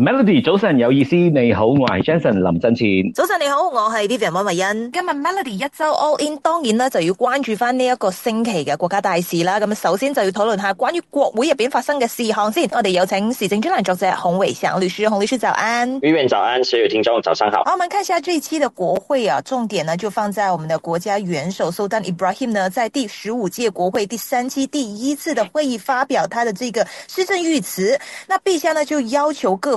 Melody，早晨有意思，你好，我係 Jason 林振前。早晨你好，我係 Lily 溫慧欣。今日 Melody 一周 All In，當然呢就要關注翻呢一個星期嘅國家大事啦。咁首先就要討論下關於國會入邊發生嘅事項先。我哋有請時政專欄作者洪偉翔律師，洪律師早安。Lily 早安，所有聽眾早上好。好，我們看一下這一期嘅國會啊，重點呢就放在我們的國家元首 Sultan Ibrahim 呢，在第十五屆國會第三期第一次嘅會議發表他的這個施政御詞。那陛下呢就要求各。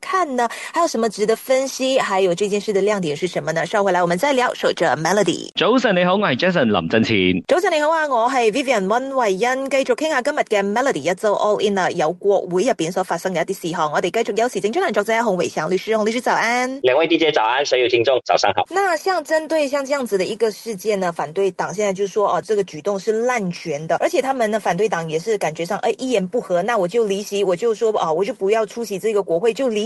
看呢，還有什麼值得分析？還有這件事的亮點是什麼呢？稍回來我們再聊。守着 Melody，早晨你好，我係 Jason 林振前。早晨你好啊，我係 Vivian 温慧欣。繼續傾下今日嘅 Melody 一周 All In 啊，有國會入邊所發生嘅一啲事項，我哋繼續有洪偉祥律師，洪律師早安。兩位 DJ 早安，所有聽眾早上好。那像針對像這樣子的一個事件呢，反對黨現在就說哦、啊，這個舉動是濫權的，而且他們的反對黨也是感覺上誒、哎，一言不合，那我就離席，我就說、啊、我就不要出席這個國會，就離。